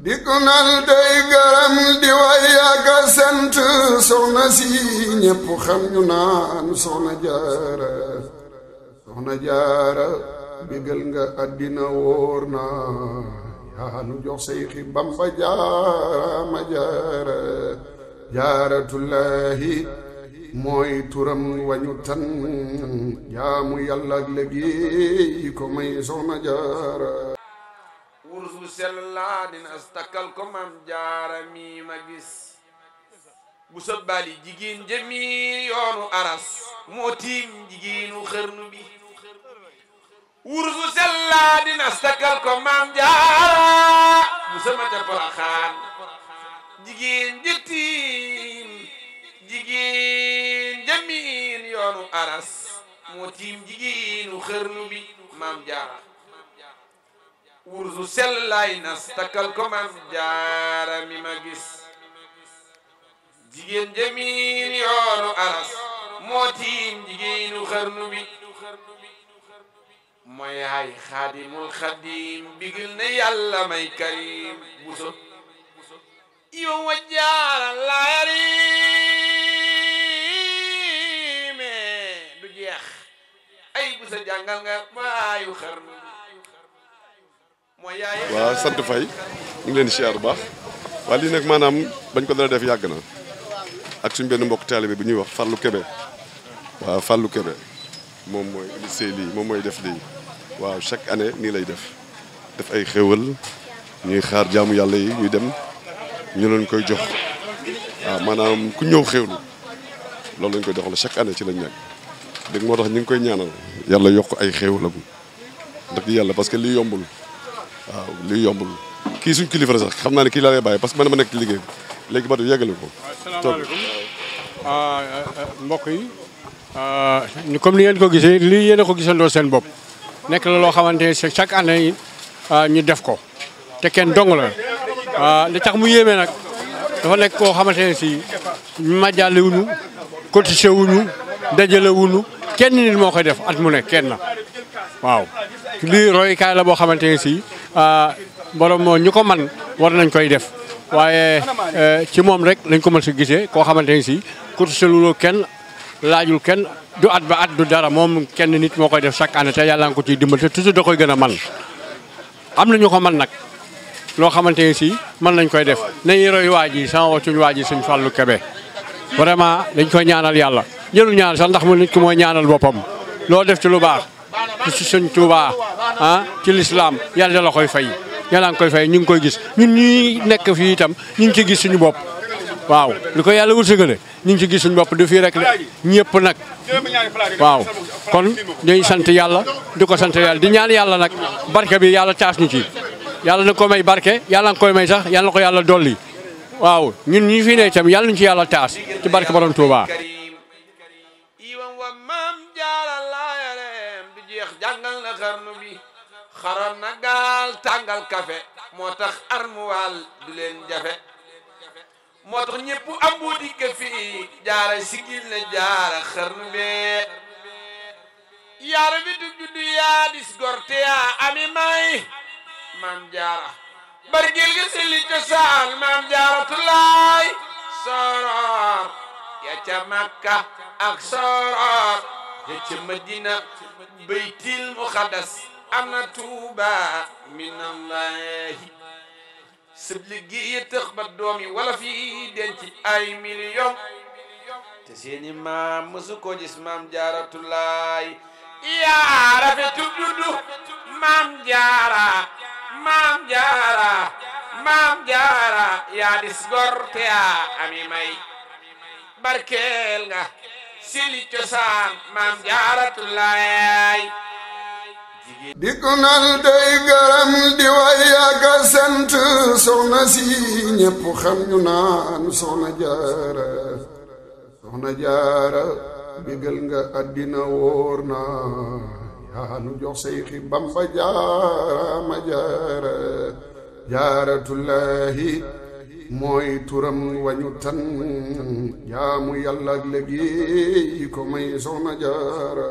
di gunal day garam di way ak sant soxna si ñépp xam ñu naan soxna jaara soxna jaara bégal nga àddina wóor na yaa nu jox say xi bamba jaara ma jaara jaaratullaahi mooy turam wañu tan jaamu yàlla ak léegi may soxna jaara sellaadin astakal ko mam jaara mi ma ko mam jaara bu samata poroxaan jigéen jë tiim jigéen jëmin yoonu aras moo tiim jigéenu xërnu bi mam jaara wursu sellaay nas takkal ko maam jaara ma gis jigéen jamiin yoonu aras moo tiim jigéenu xarnu bi mooy yaay xaadimul xadim bigil na yàlla may karim buso yow wa jaara laa yariime du jeex ay busa jàngal nga maayu xarnu waa sant Faye ñu ngi leen di siyaar bu baax waa lii nag maanaam bañ ko dara def yàgg na ak suñu benn mbokk taalibe bi ñuy wax Fallou Kébé waaw Fallou Kébé moom mooy lycée lii moom mooy def lii waaw chaque année nii lay def def ay xéwal ñuy xaar jaamu yàlla yi muy dem ñu leen koy jox waaw maanaam ku ñëw xéwlu loolu lañ koy doxal chaque année ci lañ nekk dégg moo tax ñu ngi koy ñaanal yàlla yokk ay xéwalam ndax yàlla parce que lii yombul waaw li yombul kii suñ kilifa la sax xam naa ne kii laa lay bàyyi parce que man ma nekk ci liggéey bi léegi Badou yeggale ko. Ah, ah, ah, comme ni ngeen ko gisee lii yéen a ko gisandoo seen bopp nekk la loo xamante ne chaque année ñu def ko te kenn dong la li mu yéeme nag dafa nekk koo xamante ne si ma jàlli wuñu cotisé wuñu dajale wuñu kenn nit moo koy def at mu ne kenn na waaw lii royukaay la boo xamante ne Ah, borom ñu ko man war nañ koy def waaye eh, ci moom rek lañ ko mën si gisee koo xamante ne si course seluloo kenn laajul kenn du at ba at du dara moom kenn nit moo koy def chaque année te yàlla nga ko ciy dimbal te koy gën a man am na ko man nag loo xamante ne si mën nañ koy def nañu roy waa ji sama waa ji suñ fàllu kebe vraiment dañ koy ñaanal yàlla jëlu ñaanal sax ndax mu nit ki mooy ñaanal boppam loo def ci lu baax ci sëñ Touba ah ci lislaam yàlla la koy fay yàlla nga koy fay ñu ngi koy gis ñun ñi nekk fii itam ñu ngi ci gis suñu bopp waaw li ko yàlla wërsëgale ñu ngi ci gis suñu bopp du fii rek de ñëpp nag waaw kon dañuy sant yàlla di ko sant yàlla di ñaan yàlla nag barke bi yàlla taas ñu ci yàlla na ko may barke yàlla nga koy may sax yàlla na ko yàlla dolli waaw ñun ñi fi ne itam yàlla ci yàlla taas ci barke borom Touba. tàngal na xarnu bi xaroon na gaal tàngal kafe moo tax armuwaal du leen jafe moo tax ñëpp ambu dikke fii jaara sigil na jaara xarnu bee yaara bi du juddu yaa gorte yaa ami may maam jaara bargil gi silli cosaan maam jaara tulaay soror ya ca makka ak soror te ca madina baytil muqaddas ana tuuba minallahi sëb liggéey tëx ba doom wala fii denc ay million te seeni maam mësu ko maam jaaratulaay yaa rafetu dundu maam jaara maam jaara maam jaara yaa dis yaa ami barkeel nga sili cosaan maam jaaratu laay di ko nal day garam di way ak sant si ñépp xam ñu naan soxna jaara soxna jaara bégal nga àddina wóor na yaa nu jox say xi bamba jaara ma jaara jaaratullaahi mooy turam wañu tan jaamu yàlla ak léegi ko may soxna jaara